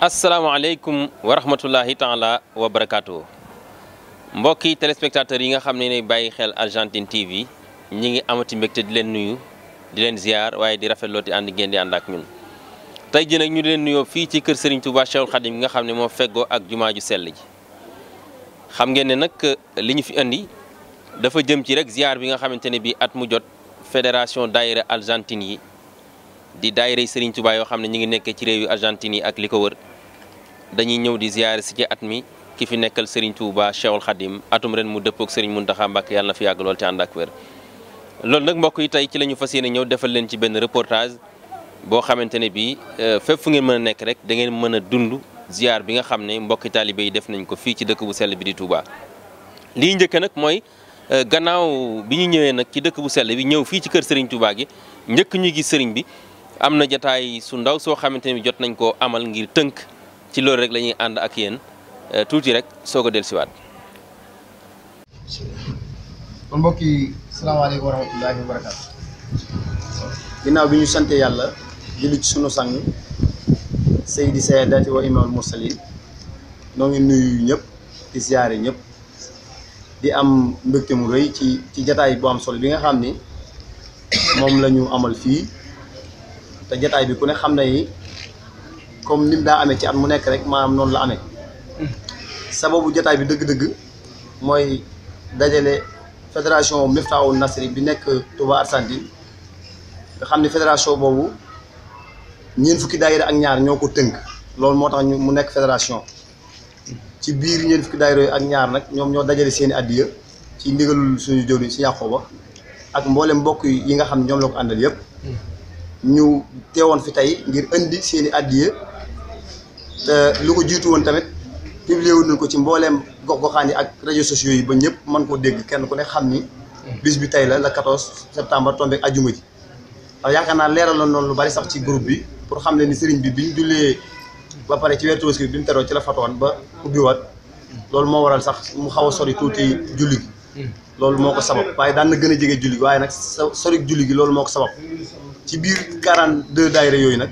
asalaamaaleykum wa rahmatullahi taala wa barakaatu. mbokki téléspectateurs yi nga xam ne ne bàyyi xel Argentine TV ñi ngi amati mbégte di leen nuyu di leen ziar waaye di rafet looti ànd ngeen di ànd ak ñun. tey jii nag ñu leen nuyoo fii ci kër Serigne Touba Cheikhoul Khadim bi nga xam ne moo fegoo ak jumaa ju sell ji xam ngeen ne nag li ñu fi indi dafa jëm ci rek ziar bi nga xamante ne bii at mu jot fédération daayira Argentine yi. di daayira Serigne Touba yoo xam ne ñu ngi nekkee ci réew yu Argentine yi ak li ko wër dañuy ñëw di ziyaare si ci at mi ki fi nekkal Serigne Touba Cheikhul Khadim atum ren mu dëppook mun Mountakha Mbacké yàlla na fi yàgg lool te ànd ak wér loolu nag mbokk yi tey ci la ñu fas yéene ñëw defal leen ci benn reportage boo xamante ne bii euh, fépp fu ngeen mën a nekk rek da ngeen mën a dund ziar bi nga xam ne mbokki taalibe yi def nañ ko fii ci dëkk bu sell bi di Touba. lii njëkk nag mooy euh, gannaaw bi ñu ñëwee nag ci dëkk bu sell bi ñëw fii ci kër sëriñ Touba gi njëkk ñu gis sëriñ bi am na jataay su ndaw soo xamante ni jot nañ koo amal ngir tënk ci loolu rek lañuy ànd ak yenn euh, tuuti rek soo ko dellusiwaat. kon mbokk yi salaamaaleykum wa rahmatullaahi wa barakaatu. ginnaaw bi ñu sant yàlla julli ci sunu sang Seydi Sayyidati wa Imaamul Mursalin noo ngi nuyu ñépp di siyaare ñëpp di am mbégte mu rëy ci ci jataay bu am solo bi nga xam ni moom lañu amal fii. jataay bi ku ne xam na yi comme ni mu daa amee ci at mu nekk rek maanaam noonu la amee sababu jataay bi dëgg-dëgg mooy dajale fédération Miftahoul Nasri bi nekk Touba Argentine nga xam ne fédération boobu ñeent fukki daayira ak ñaar ñoo ko tënk loolu moo tax mu nekk fédération ci biir ñeent fukki daayira ak ñaar nag ñoom ñoo dajale seeni addiya ci ndigalul suñu yi si Yàqooba ak mboolem mbokk yi nga xam ne ñoom la ko àndal yëpp ñu teewoon fi tey ngir indi seen i addiya te lu ko jiitu woon tamit publié wu nañ ko ci mbooleem gox-goxaan yi ak réseaux sociaux yi ba ñëpp mën koo dégg kenn ku ne xam ni bis bi tey la le 14 septembre tombé ajuma ji waaw yaakaar naa leeraloon noonu lu bari sax ci groupe bi pour xam ne ni sëriñ bi biñ jullee ba pare ci weeru bi mu teroo ci la fatoon ba ubbiwaat loolu moo waral sax mu xaw a sori tuuti julli gi hmm. loolu moo ko sabab waaye daan na gën a jege julli gi waaye nag sori julli gi loolu moo ko sabab ci biir de daayira yooyu nag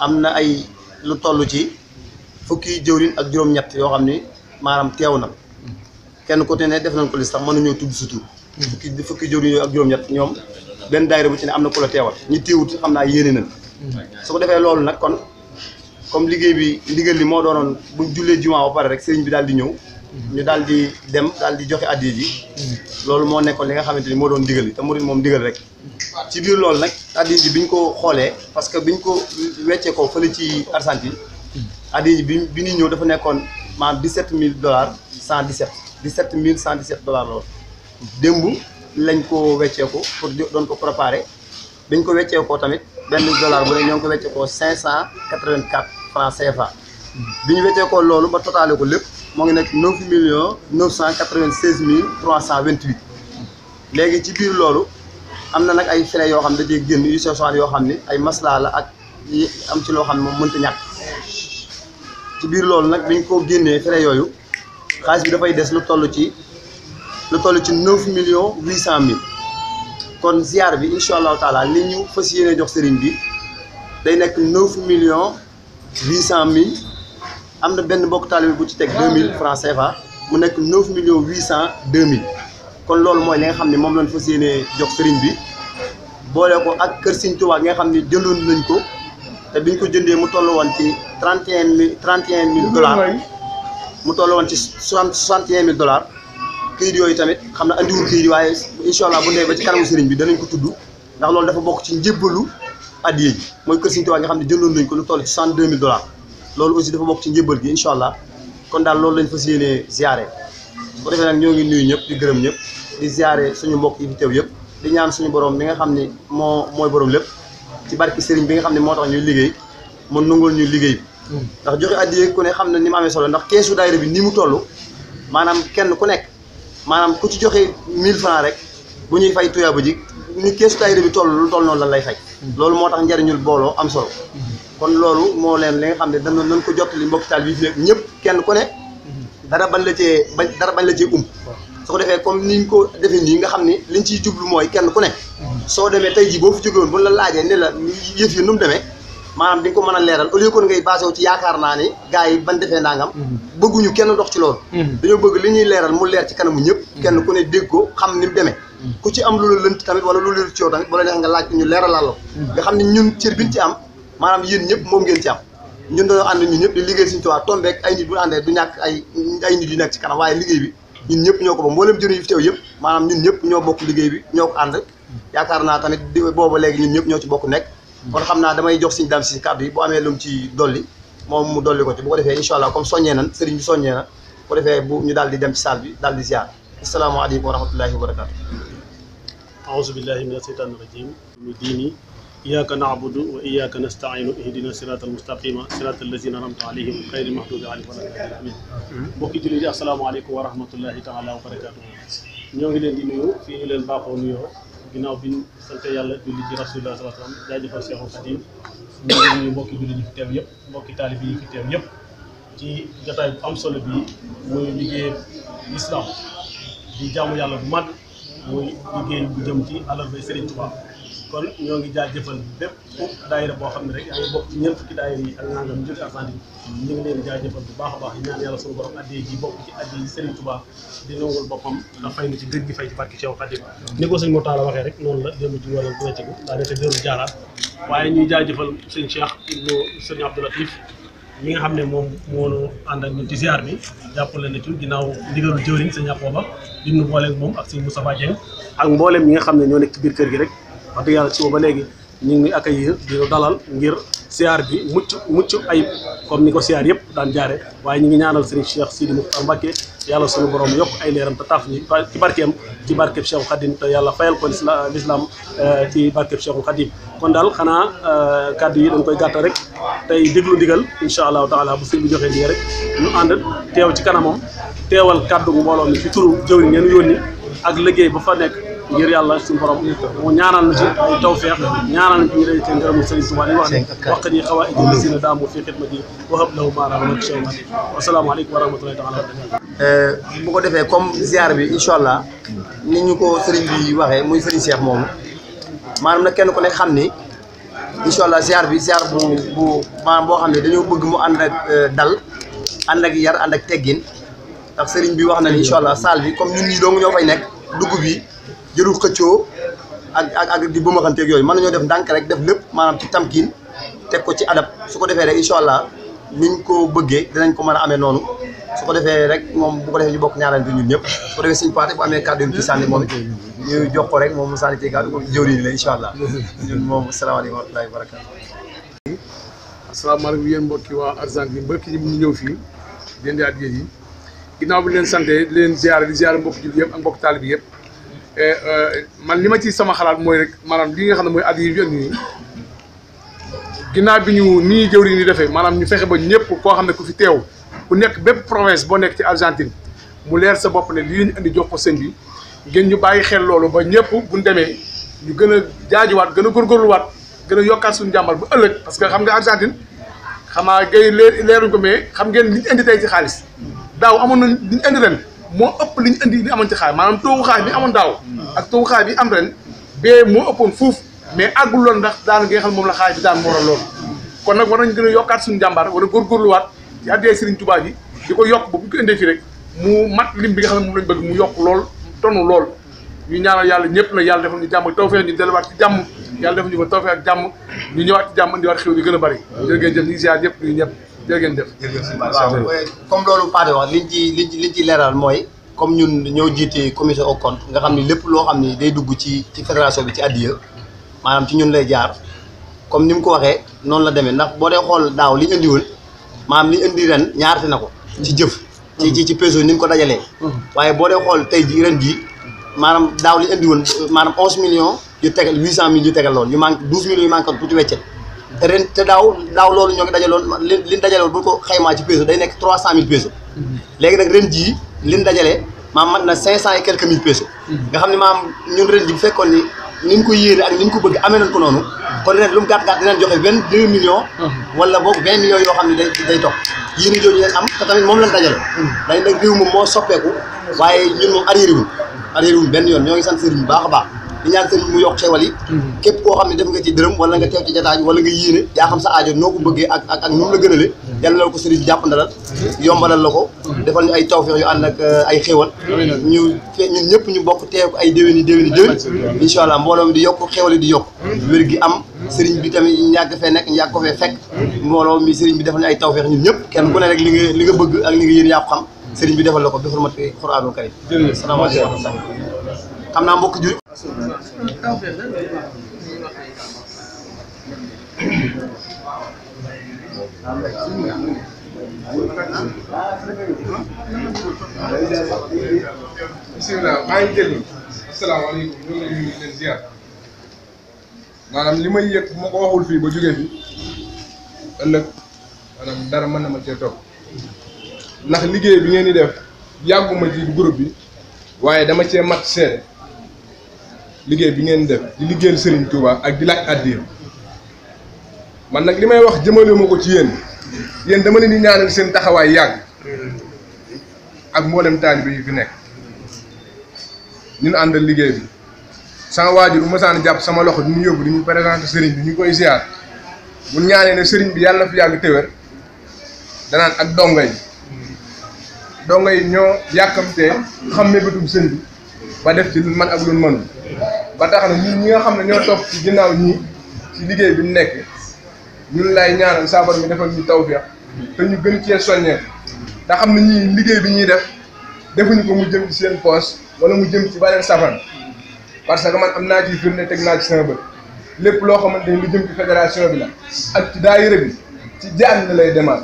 am na ay lu toll ci fukki jëwriñ ak juróom-ñett yoo xam ni maanaam teew nag kenn côté ne def nañ ko li sax mënuñoo tudd surtout. fukki fukki jëwriñ yooyu ak juróom-ñett ñoom benn daayira bu ci ne am na ku la teewal ñi teewut xam naa yéene nañ. su ko defee loolu nag kon comme liggéey bi ndigal li moo doonoon bu jullee jumaa ba pare rek sëriñ bi daal di ñëw. ñu daal di dem daal di joxe addiya yi loolu moo nekkoon li nga xamante ni moo doon digal te murid moom digal rek ci biir lool nag addiya ji bi ñu ko xoolee parce que bi ñu ko wecceekoo ko fële ci Argentine addiya ji bi bi ñuy ñëw dafa nekkoon mille cent maanaam 17000 mille cent 17000 117 dollars loolu démb lañ ko wecceeku pour doon ko préparer biñ ko wecceekoo tamit benn dollar bu ne ñoo ngi ko wecceekoo 584 francs CFA bi ñu wecceekoo loolu ba ko lépp moo ngi nekk neuf millions neuf cent quatre-vingt-seize mille trois cent vingt-huit léegi ci biir loolu am na nag ay frais yoo xam ne da cee génn yu sew yoo xam ne ay maslaa la ak yi am ci loo xam ne moom mënta ñàkk ci biir loolu nag biñ ko génnee frais yooyu xaalis bi dafay des lu toll ci lu toll ci neuf millions huit cent mille kon ziar bi incha allah taala li ñu fas yéene jox sëriñ bi day nekk neuf millions huit cent mille am na benn mbokk taalibe bu ci teg 2000 francs CFA mu nekk 9 millions 800 2000 kon loolu mooy li nga xam ne moom la lañ fas yéenee jox sëriñ bi boolee ko ak kër Sëriñ Tuubaa nga xam ne jëndoon nañ ko te biñ ko jëndee mu toll woon ci 31 mille 31 mille dollars mu toll woon ci 61 mille dollars yooyu tamit xam na andiwul waaye incha allah bu ndee bi danañ ko tudd ndax loolu dafa bokk ci njébbalu addiya ji mooy kër xam ne jëndoon nañ ko lu toll ci 102 mille dollars loolu aussi dafa bokk ci njëbbal gi incha allah kon daal loolu lañ fas yéenee ziare su ko defee nag ñoo ngi nuyu ñëpp di gërëm ñëpp di ziare suñu mbokk yi fi teew yëpp di ñaan suñu borom bi nga xam ni moo mooy borom lépp ci barki sëriñ bi nga xam ne moo tax ñuy liggéey mu nangul ñuy liggéey bi ndax joxe addiye ku ne xam ne ni mu amee solo ndax keesu daayira bi ni mu toll maanaam kenn ku nekk maanaam ku ci joxe mille francs rek bu ñuy fay tuyaaba ji ni keesu daayira bi toll lu toll lan lay fay loolu moo tax njariñul booloo am solo kon loolu moo leen li nga xam ne dana nañ ko jottali mbokk taal bi fi ñëpp kenn ku ne dara bañ la cee bañ dara bañ la cee um su ko defee comme niñ ko defee nii nga xam ne liñ ciy jublu mooy kenn ku ne soo demee tey ji boo fi jógewoon bu la laajee ne la yëf nu mu demee maanaam di ko mën a leeral au lieu kon ngay basé wu ci yaakaar naa ni gars yi ban defee nangam bëgguñu kenn dox ci loolu mm-hmm. dañoo bëgg li ñuy leeral mu leer ci kanamu ñëpp mm-hmm. kenn ku ne dégg ko xam ni mu demee ku ci am lu la lënt tamit wala lu la ci yow tamit bu la neex nga laaj ñu leeralal hmm. nga xam ne ñun cër biñ ci am maanaam yéen ñëpp moom ngeen ci am ñun dañoo ànd ñëpp liggéey suñu tubaab tombeek ay nit bu ñàkk ay ay nit yu waaye liggéey bi ñëpp ñoo ko ba mboolem jëriñ yi maanaam ñun ñëpp ñoo bokk liggéey bi ñoo ko ànd yaakaar naa léegi ñun ñëpp ñoo ci bokk nekk hmm. kon xam naa damay jox suñu daam si kàddu yi bu amee lu mu ci dolli moom mu dolli ko ci bu ko defee incha allah comme soññee nan sëriñ bi soññee na bu ko defee bu ñu daal di dem ci salle bi daal di ziar asalaamaaleykum wa rahmatullahi wa barakaatu. aouzu billahi mina seytaani rajim diini iyyaka na'budu wa iyyaka nasta'inu ihdina siratal mustaqima siratal lazina an'amta alayhim ghayril maghdubi alayhim wa lad-dallin amin mbokki jullit yi asalaamaaleykum wa rahmatullahi taala wa barakaatu. ñoo ngi leen di nuyu fii ñu leen baaxoo nuyoo ginnaaw bi ñu sant yàlla julli ci rasulullah sallallahu alayhi wa sallam jaajëfal Cheikhul Khadim ñu ngi nuyu mbokki jullit yi fi teew yëpp mbokki taalib yi fi teew yëpp ci jotaay bu am solo bi muy liggéey islam di jaamu yàlla bu mag muy liggéey bu jëm ci àllarba Serigne Touba kon ñoo ngi jaajëfal bépp daayira boo xam ne rek yaa ngi bokk ci ñeent fukki daayira yi ak nangam jël asandi ñu ngi leen jaajëfal bu baax a baax ñaan yàlla suñu borom addee ji bokk ci addee yi Serigne Touba di nangul boppam da fay na ci gëj gi fay ci barke Cheikh Khadim ni ko sëñ Moutala waxee rek noonu la démb ci wàllum wécc bi daa nekk démb jaaraat waaye ñuy jaajëfal jëfal Cheikh ibnu sëñ Abdou mi nga xam ne moom moo ñu ànd ak ñun ci ziar bi jàppale na ci ginnaaw ndigalul jëwriñ sëñ Yakhooba di nu booleeg moom ak sëñ Moustapha Dieng ak mbooleem ñi nga xam ne ñoo nekk ci biir kër gi rek wax dëgg yàlla suba ba léegi ñu ngi accueillir di dalal ngir siyaar bi mucc mucc ayib comme ni ko siyaar yëpp daan jaare waaye ñu ngi ñaanal sëriñ Cheikh Sidi Muxtar Mbacke yàlla sunu borom yokk ay leeram te taaf ñi ci barkeem ci barkeb Cheikhul Khadim te yàlla fayal ko l'islam euh, ci barkeb Cheikhul kon daal xanaa euh, kàddu yi dañ koy gàttal rek tey déglu ndigal incha allahu taala bu sëriñ bi joxee ndigal rek ñu ànd teew ci kanamam teewal kàddu mbooloo mi ci turu jëwriñ ngeen yónni ak liggéey ba fa nekk ngir yàlla suñu borom mu ñaanal na ci ay tawfeex ñaanal na ci ñu te ngërëmu Sëriñ Tuubaa yi wax ne waq ni xawaa iji lisi na daamu fi xidma ji waxab lahu maanaam wasalaamaaleykum bu ko defee comme ziar bi incha allah ni ñu ko sëriñ bi waxee muy sëriñ Cheikh moom maanaam na kenn ku nekk xam ni incha allah ziar bi ziar bu bu boo xam ne dañoo bëgg mu ànd ak euh, dal ànd ak yar ànd ak teggin ndax sëriñ bi wax na ni incha allah bi comme ñun ñii dong ñoo fay nekk dugub bi jërul xëccoo ak ak ak di bumaxanteeg yooyu mën ñoo def ndànk rek def lépp maanaam ci tamkiin teg ko ci adab su ko defee rek incha allah niñ ko bëggee danañ ko mën a amee noonu su ko defee rek moom bu ko defee ñu bokk ñaarante ñu ñëpp su ko defee suñu paate bu amee kàddu yu ci moom it ñu jox ko rek moom mu sànni ci kàddu ko jëwriñ la incha allah ñun moom asalaamaaleykum wa rahmatullahi wa barakaatu asalaamaaleykum yéen mbokki waa Argentine mbokki ñi ñu ñëw fii déndaat yéen yi ginnaaw bi leen sante di leen ziar di ziar mbokki jullit yëpp ak mbokk taalibi yëpp Eh, eh, man li ma ci sama xalaat mooy rek maanaam li nga xam ne mooy at yi bi nii ginnaaw bi ñu nii jëwriñ yi defee maanaam ñu fexe ba ñëpp koo xam ne ku fi teew ku nekk bépp province boo nekk ci Argentine mu leer sa bopp ne lii lañu indi jox ko sëñ bi ngeen ñu bàyyi xel loolu ba ñëpp buñ demee ñu gën a jaajuwaat gën a góorgóorluwaat gën a yokkaat suñu jàmbar bu ëllëg parce que xam nga Argentine xamaa gay leer leeruñ ko mais xam ngeen liñ indi tey ci xaalis daaw amoon na liñ indi ren moo ëpp li ñu indi li amoon ci xaay maanaam toogu xaay bi amoon daaw ak toogu xaay bi am ren bee moo ëppoon fuuf mais àggul loon ndax daanu gi nga xam moom la xaay bi daan moo waral kon nag war a gën a yokkaat suñu jàmbaar wala góorgóorluwaat ci addee Serigne Touba bi di ko yokk ba bu ko indee fii rek mu mat lim bi nga xam ne moom lañ bëgg mu yokk lool tonu lool ñu ñaanal yàlla ñëpp nag yàlla defal ñu jàmm ak tawfeex ñu delluwaat ci jàmm yàlla defal ak jàmm ñu ñëwaat ci jàmm indiwaat xew bi a bari jërëjëf ñu ngi jërë ngeen jëf comme loolu Pathé wax liñ ci liñ ci liñ mooy comme ñun ñoo jiite commission au compte nga xam ni lépp loo xam ni day dugg ci ci fédération bi ci addiya maanaam ci ñun lay jaar comme ni mu ko waxee noonu la demee ndax boo dee xool daaw li ñu indiwul maanaam li indi ren ñaarte na ko ci jëf ci ci ci peso ni mu ko dajalee waaye boo dee xool tey ji ren jii maanaam daaw li indiwul maanaam onze millions yu tegal huit cent mille yu tegal loolu yu manqué douze millions yu weccet ren te daaw daaw loolu ñoo ngi dajaloon li liñ dajaloon bu ko xaymaa ci peso day nekk trois cent mille peso mhm. léegi nag ren jii liñ dajale maam mat na cinq cent et quelques mille peso mhm. nga xam ne maam ñun ren ji bu fekkoon ni ni ñu ko yéene ak ni ñu ko bëgg amee nañ ko noonu kon ren lu mu gàtt-gàtt dinañ joxe vingt deux millions mhm. wala boog vingt millions yoo xam ne day day topp yéene jooju leen am te tamit moom lañ dajale dañ nag réew moom moo soppeeku waaye ñun moom yoon ñoo ngi sant sëriñ baax a baax di ñaan sëriñ mu yokk xewal yi mm-hmm. képp koo xam ne def nga ci dërëm wala nga teew ci jataay wala nga yéene yaa xam sa aajo noo ko bëggee ak ak ak la gënalee mm-hmm. yàlla la ko sëriñ jàpp mm-hmm. ko defal ñu ay tawfeex yu ànd ak uh, ay xewal ñu ñun ñëpp ñu bokk teew ko ay déwéni déwéni déwén incha allah mbooloo di yokk xewal yi di yokk wér gi am sëriñ bi tamit ñàgg fee nekk ñàgg ko fee fekk mbooloo mi sëriñ bi defal na ay tawfeex ñu ñëpp kenn bu ne rek li nga bëgg ak li nga yéen yàpp xam sëriñ bi defal la ko bi xurmati Qur'aanul Kariim salaamaaleykum xam bisimilah maa maanaam li may yëg bu ko waxul fii ba jógee fi ëllëg dara mën na ma cee toog ndax liggéey bi ngeen di def yàgguma ci groupe bi waaye dama cee mat seede liggéey bi ngeen def di liggéeyal Serigne Touba ak di laaj addiya man nag li may wax jëmale ma ko ci yéen yéen dama ne di ñaanal seen taxawaay yàgg ak mboolem taalibe yu fi nekk ñun àndal liggéey bi sama waajur bu ma saan jàpp sama loxo di ñu yóbbu di ñu présenté sëriñ bi ñu koy ziar mu ñaanee ne sëriñ bi yàlla na fi yàgg téwér danaan ak dongo yi dongo yi ñoo yàkkamtee xam ne bëtum sëñ bi ba def ci lu man ak lu mënul ba tax na ñi ñi nga xam ne ñoo topp ci ginnaaw ñii ci liggéey bi mu nekk ñun lay ñaanal saabar mi defal ñu tawfeex te ñu gën cee soññee te xam ne ñii liggéey bi ñuy def defuñu ko mu jëm ci seen poos wala mu jëm ci beneen safan parce que man am naa ci firnde teg naa ci sama lépp loo xamante ni lu jëm ci fédération bi la ak ci daayira bi ci jaan la lay demaat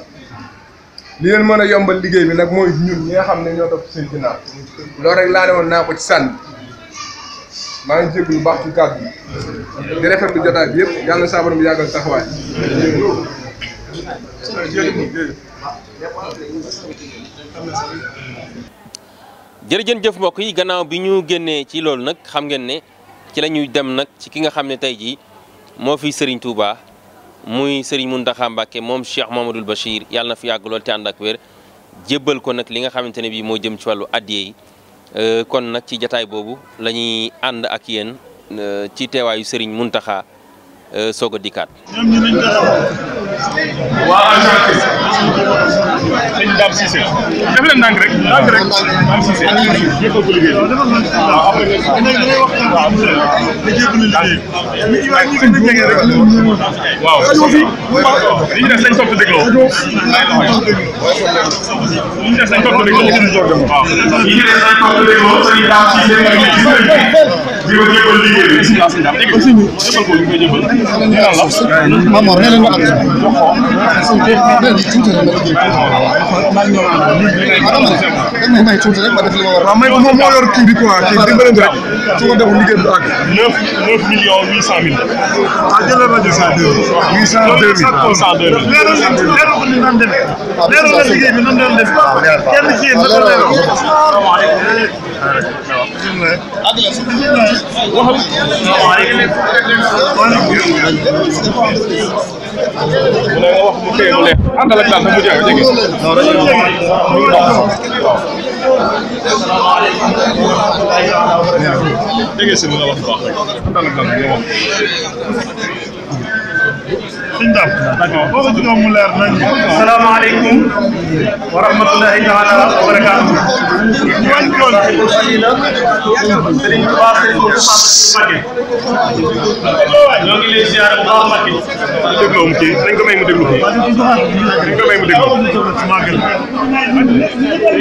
li leen mën a yombal liggéey bi nag mooy ñun ñi nga xam ne ñoo topp seen ginnaaw loolu rek laa ne woon naa ko ci sànni. maa ngi baax ci kàddu bi di jërëjën jëf mbokk yi gannaaw bi ñu génnee ci loolu nag xam ngeen ne ci la ñuy dem nag ci ki nga xam ne tey jii moo fi sëriñ Touba muy Serigne Mountakha Mbacké moom Cheikh Mamadou Bachir yàlla na fi yàgg lool te ànd ak wér jébbal ko nag li nga xamante ne bii moo jëm ci wàllu addiya yi. Euh, kon nag ci jataay boobu lañuy ànd ak yéen euh, ci teewaayu Serigne Mountakha euh, soog a dikkaat. waa Argentine. sëñ Dame Cissé. def leen ndànk rek ndànk rek. Dame Cissé. ñëpp a ko liggéey. waaw am nañu ko. waaw am nañu ko. waaw. li ñu des nañ topp dégloo. li ñu des nañ topp dégloo. waaw. li ñu des nañ topp dégloo sëñ Dame Cissé. di ko jëbal liggéey bi. aussi ñu jëbal ko li ñu koy jëbal. ñu naan la. may may tuuti rek ma def li ma war waaw may ko moom moo yor kii bi quoi kii dimbale ñu rek su ma defoon liggéey bu àgg. neuf neuf millions huit cent mille. ah jëlal rajo cent deux huit cent deux mille waaw cent deux mille. leeral leeral ko ni nan demee. leeral la liggéey bi nan doon def. kenn ci yéen naka leeral mu ne nga wax mu téye mu leer àndal ak daal na mu jaay nga gis. waaw. dégg nga si li nga wax bu baax rek àndal ak daal nga wax. suñu daam. boo ko jógee mu leer nañ. salaamaaleykum. wa rahmatulahi taala wa barakaatu. ñu wàññi tool bi. Serigne Touba Serigne Moustapha Mbacké. ñoo ngi lay ziar bu baax Mbacké. dégloo mu kii dañ ko may mu déglu kii. dañ ko may mu déglu. Serigne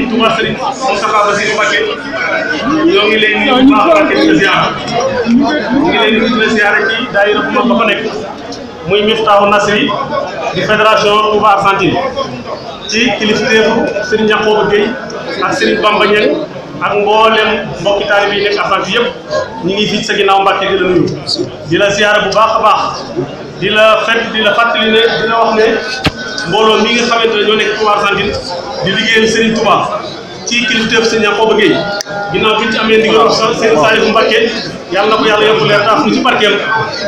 Touba Serigne Moustapha Mbacké. ñoo ngi leen di bu baax Mbacké di la ziar. ñu ngi leen di la ziar ci daayira bu mag ba fa nekk. muy Miftaahu Nasri di fédération Touba Argentine ci kilifteefu Serigne Yakhouba Gueye ak Serigne Bamba Niang ak mboolem mbokki taalibe yi nekk Argentine yëpp ñu ngi fii sa ginnaaw Mbàkke di la nuyu di la ziyaara bu baax a baax di la fekk di la fàttali ne di la wax ne mbooloo mi nga xamante ne ñoo nekk Touba Argentine di liggéeyal Serigne Touba. ci kilifteef sëñ Yacoba Gueye ginnaaw bi seen Saliou Mbacké yàlla na ko yàlla ci barkeel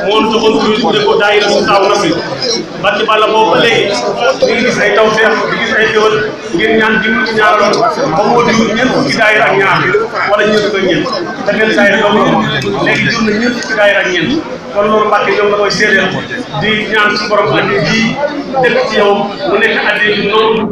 moo ñu joxoon kuréel bu na fi barke Balla boobu ba léegi ñu ngi gis ci ñaanaloon ba moo jur ñeent fukki daayira ak di ñaan borom addi ji dëkk yow mu nekk addi noonu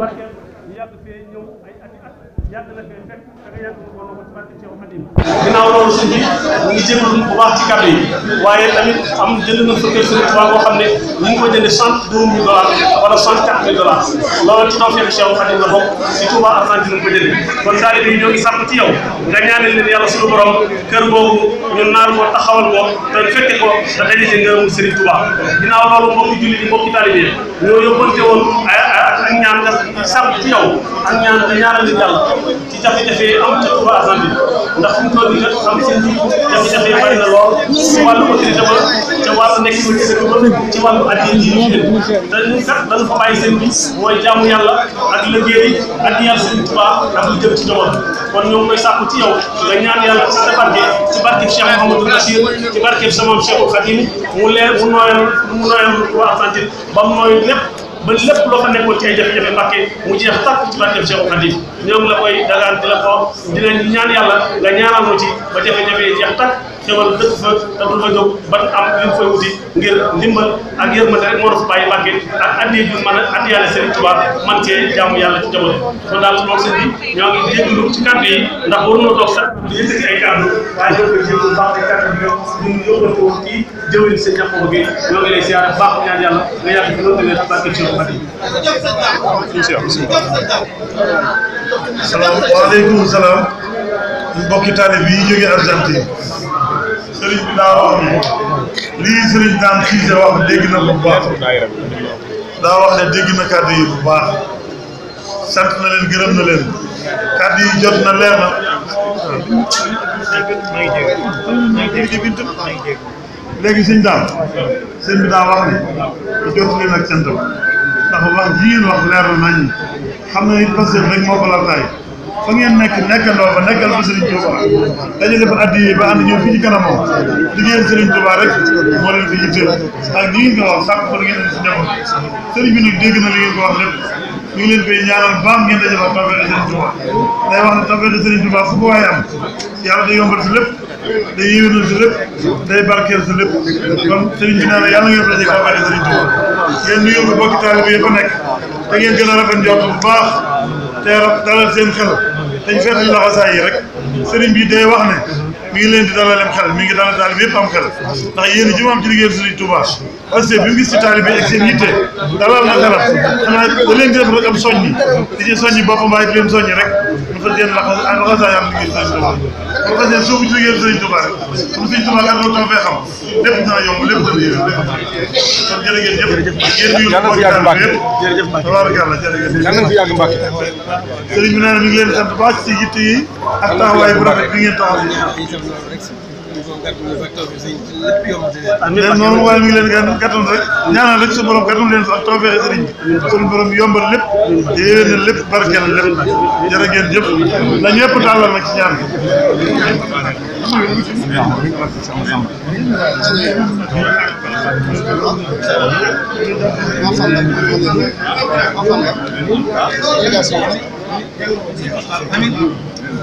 yàgg la fee fekk da nga yàgg ko ci barke Seexul Xadim ginnaaw loolu sëñ bi ñu ngi jéem bu baax ci kàddu yi waaye tamit am jënd na fekkee sëñ Tuubaa boo xam ne ñu ngi ko jëndee cent deux mille dollars wala cent quatre mille dollars loolu ci tawfeex Cheikh Khadim la bokk ci Touba Argentine ko jëndee kon daal bi ñoo ngi sàpp ci yow nga ñaanal leen yàlla suñu borom kër boobu ñu naar ko taxawal ko te fekke ko da daje ci ngërëmu Sëriñ Tuubaa ginnaaw loolu mbokki julli yi mbokki taalibe ñoo yóbbante woon ak ñaan nga sàpp ci yow ak ñaan nga ñaanal leen yàlla ci jafe-jafe am ci Touba Argentine ndax suñu tool yi xam seen jafe-jafe yi bari na lool ci wàllu autorité ba ca wàllu nekk ba ci dëkk ba ci wàllu addiya yi ñu leen dañu kat dañu fa bàyyi seen bi mooy jaamu yàlla ak liggéey ak yàlla seen Tuubaa ak lu jëm ci doomam kon ñoo ngi koy sàkku ci yow nga ñaan yàlla ci sa barke ci barke Cheikh Mouhamadou Bachir ci barke sama Cheikhul Khadim mu leer mu nooyal mu nooyal waa Atlantique ba mu nooy lépp ba lépp loo xam nekkoon ci ay jafe-jafe Mbàkke mu jeex tàkk ci barkeb Seexu Xaadim ñoo ngi la koy ba jafe-jafe yi jeex ñëwal dëkk fa te bul fa jóg ban am li mu fay wuti ngir ndimbal ak yërmande rek moo doon fa bàyyi Mbàkke ak addi bi mën a addi yàlla Sëriñ Tuubaa man cee jaamu yàlla ci jamono kon daal loolu sëñ bi ñoo ngi jégalu ci kàddu yi ndax war na toog sax di yëkkati ay kàddu waaye ñoo koy jégalu baax na kàddu bi ñun yóbbu ko ci jëwriñ sëñ Yaxuba gi ñoo ngi lay siyaare baax ñaan yàlla nga yàgg fi loolu dëgg ak barke ci Mbàkke salaamaaleykum salaam mbokki taalib yi jóge Argentine sëriñ bi daa lii sëriñ daan Cissé wax dégg na bu baax daa wax ne dégg bu baax sant na leen gërëm leen kàddu yi jot na leer na. léegi sëñ daal bi daa wax ne jot leen ak santam wax ji ngeen wax na nañ xam na nit parce fa ngeen nekk nekkandoo fa nekkal fa Serigne Touba dañu def addi ba ànd ñëw fii ci kanam moom liggéeyal Serigne Touba rek moo leen fi yitteel ak ni ngeen ko wax sàkk fa ngeen si njaboot Serigne bi nag dégg na li ngeen ko wax lépp ñu ngi leen koy ñaanal baax ngeen daje fa tawfeex Serigne Touba day wax ne tawfeex Serigne Touba fu ko waaye am yàlla day yombal si lépp day yéwénal si lépp day barkeel si lépp kon Serigne bi naan yàlla ngeen fa daje tawfeex Serigne Touba ngeen nuyoo ko bokki taalibe yi fa nekk te ngeen gën a rafet njort bu baax te dalal seen xel dañ feetali laxasaay yi rek sëriñ bi day wax ne mi ngi leen di dalalem xel mi ngi dalal daal yëpp am xel ndax yéen ji mu am ci liggéeyam sëriñ Touba parce que bi mu gis ci taalibe ak seen yitte dalal na xelam xanaa da leen di def rek am soññi di ci soññi boppam waaye di leen soññi rek ñu fa seen laxasaayam liggéey sëriñ Touba boo ko seet soo ko jógee Sëriñ Tuubaa rek comme Sëriñ Tuubaa kat loolu tam fee xam lépp dina yomb lépp dina yomb lépp kon jërë ngeen jëf yéen nuyu yàlla na fi yàgg Mbàkke jërëjëf tabaarkalla jërëjëf yàlla na fi yàgg Mbàkke sëriñ bi nee na mi ngi leen sant baax ci yitte yi ak taxawaay bu rafet bi ngeen taxaw leen noonu waaye mi ngi leen gàttal rek ñaanal rek sa borom gàttal leen fa ak tawfeex sëriñ bi suñu borom yombal lépp yéene lépp barkeel lépp nag jërë ngeen jëf na ñëpp tàllal nag ci ñaan bi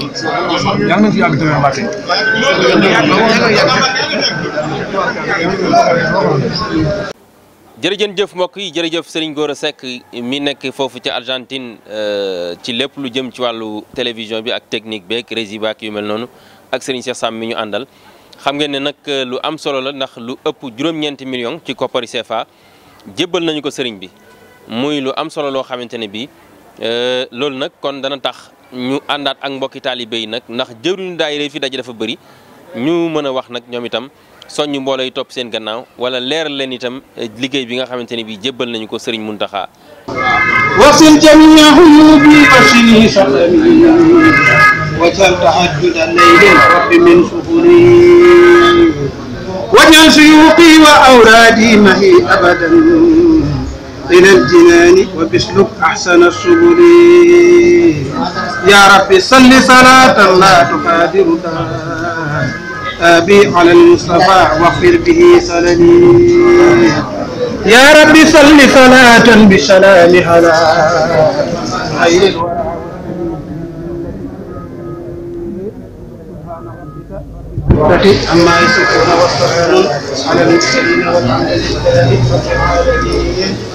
yàlla nañ fi yàgg jërëjëf mbokk yi jërëjëf Serigne Gora Seck mi nekk foofu ca Argentine euh, ci lépp lu jëm ci wàllu télévision bi ak technique beeg régie baak yu mel noonu ak Serigne Cheikh Sam mi ñu àndal. xam nga ne nag euh, lu am solo la ndax lu ëpp juróom-ñeenti million ci koppari CFA jébbal nañu ko sëriñ bi muy lu am solo loo xamante ne bii. Euh, loolu nag kon dana tax ñu àndaat ak mbokki taalibe yi nag ndax jëruñu daayira yi fi daje dafa bari ñu mën a wax nag ñoom itam soññ mbooloo yi topp seen gannaaw wala leer leen itam euh, liggéey bi nga xamante ni bii jébbal nañu ko sëriñ Mountakha. wasil jamiahum bi wasilihi sallami wasal tahajjuda laylen wajal suyuqi wa awraadi mahi abadan إلى الجنان وبسلك أحسن السبل يا ربي صل صلاة لا تقادر أبي على المصطفى واغفر به سلمي يا ربي صل صلاة بسلام على خير أما يسكون والسلام على المرسلين والحمد لله رب العالمين